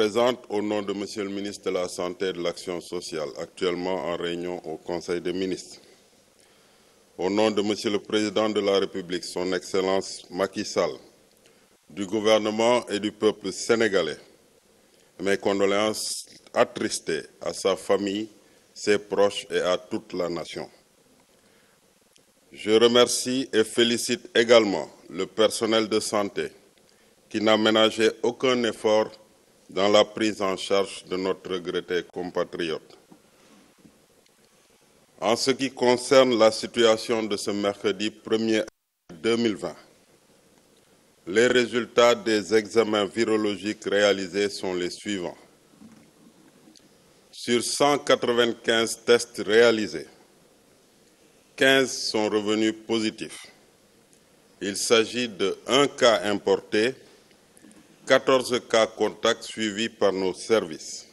présente au nom de Monsieur le ministre de la Santé et de l'Action sociale, actuellement en réunion au Conseil des ministres. Au nom de Monsieur le Président de la République, Son Excellence Macky Sall, du gouvernement et du peuple sénégalais, mes condoléances attristées à sa famille, ses proches et à toute la nation. Je remercie et félicite également le personnel de santé qui n'a ménagé aucun effort dans la prise en charge de notre regretté compatriote. En ce qui concerne la situation de ce mercredi 1er 2020, les résultats des examens virologiques réalisés sont les suivants. Sur 195 tests réalisés, 15 sont revenus positifs. Il s'agit de un cas importé 14 cas contacts suivis par nos services.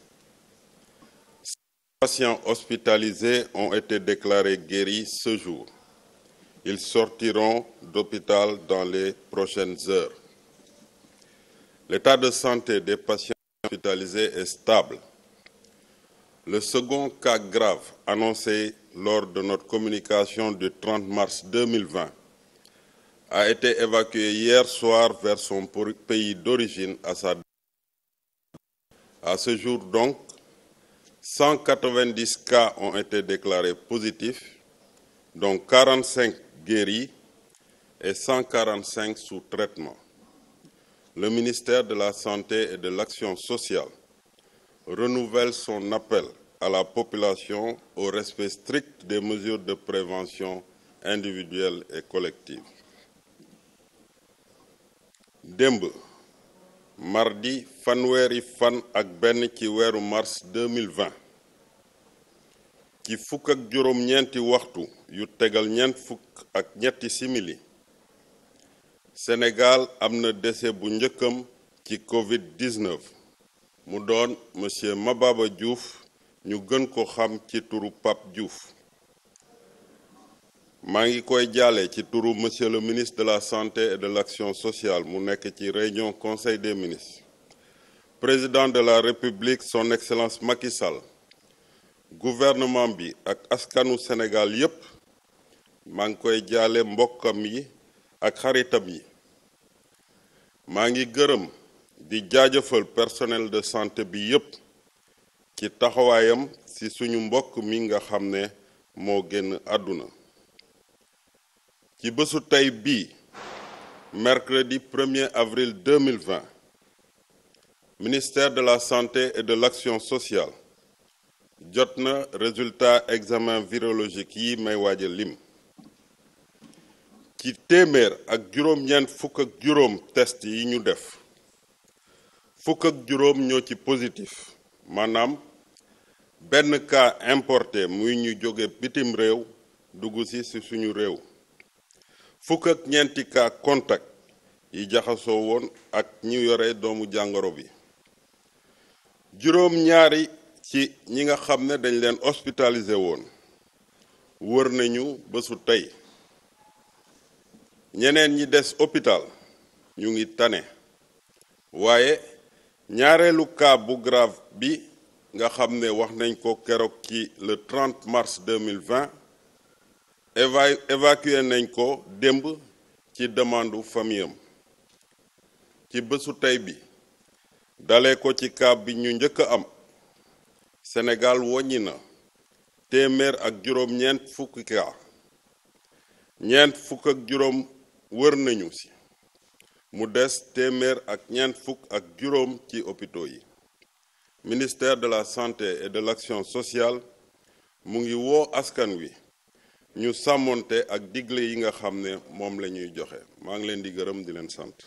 Ces patients hospitalisés ont été déclarés guéris ce jour. Ils sortiront d'hôpital dans les prochaines heures. L'état de santé des patients hospitalisés est stable. Le second cas grave annoncé lors de notre communication du 30 mars 2020 a été évacué hier soir vers son pays d'origine à à ce jour donc, 190 cas ont été déclarés positifs, dont 45 guéris et 145 sous traitement. Le ministère de la Santé et de l'Action sociale renouvelle son appel à la population au respect strict des mesures de prévention individuelles et collectives demb mardi fanweri fan ak kiweru ci mars 2020 ci fuk ak juróom ñeenti waxtu yu tegal fuk ak ñetti simili Sénégal amna na décès bu njëkkam ci Covid-19 mu doon monsieur Mababa Diouf ñu gën ko xam ci turu Pape Diouf mangi koy ci monsieur le ministre de la santé et de l'action sociale mu nek ci réunion conseil des ministres président de la république son excellence Macky Sall gouvernement bi ak askanu Sénégal yépp mangi koy jaale mbokam yi ak xaritam yi mangi di personnel de santé bi yépp ci taxawayam ci suñu mbokk mi nga xamné mo ci bésu tey bi mercredi 1er avril 2020 ministère de la santé et de l'action sociale jotna résultat examen virologique yi may waaj lim ci témèr ak juróom ñen fuk ak juróom test yi ñu def fuk ak juróom ñoo ci positif manam ben cas importé muy ñu joggé bitim réew dugg suñu réew fukk ak ñeenti cas contact yi jaxasoo woon ak ñu yore doomu jàngoro bi juróom ñaari ci ñi nga xam ne dañ leen hospitalisé woon wër nañu bésu tey ñeneen ñi des hôpital ñu ngi tane waaye ñaareelu cas bu grave bi nga xam ne wax nañ ko keroog ci le 30 mars 2020 éva évacué nañ ko démb ci demandu famille ci bésu tey bi dale ko ci kaab bi ñu njëkk am Sénégal woññi na téeméer ak juróom wër nañu ci mu des téeméer ak juróom ci hôpitaux yi ministère de la santé et de l'action sociale mu ngi woo askan wi ñu sàmmoonte ak digle yi nga xam ne moom la ñuy joxe maa ngi leen di gërëm di leen sant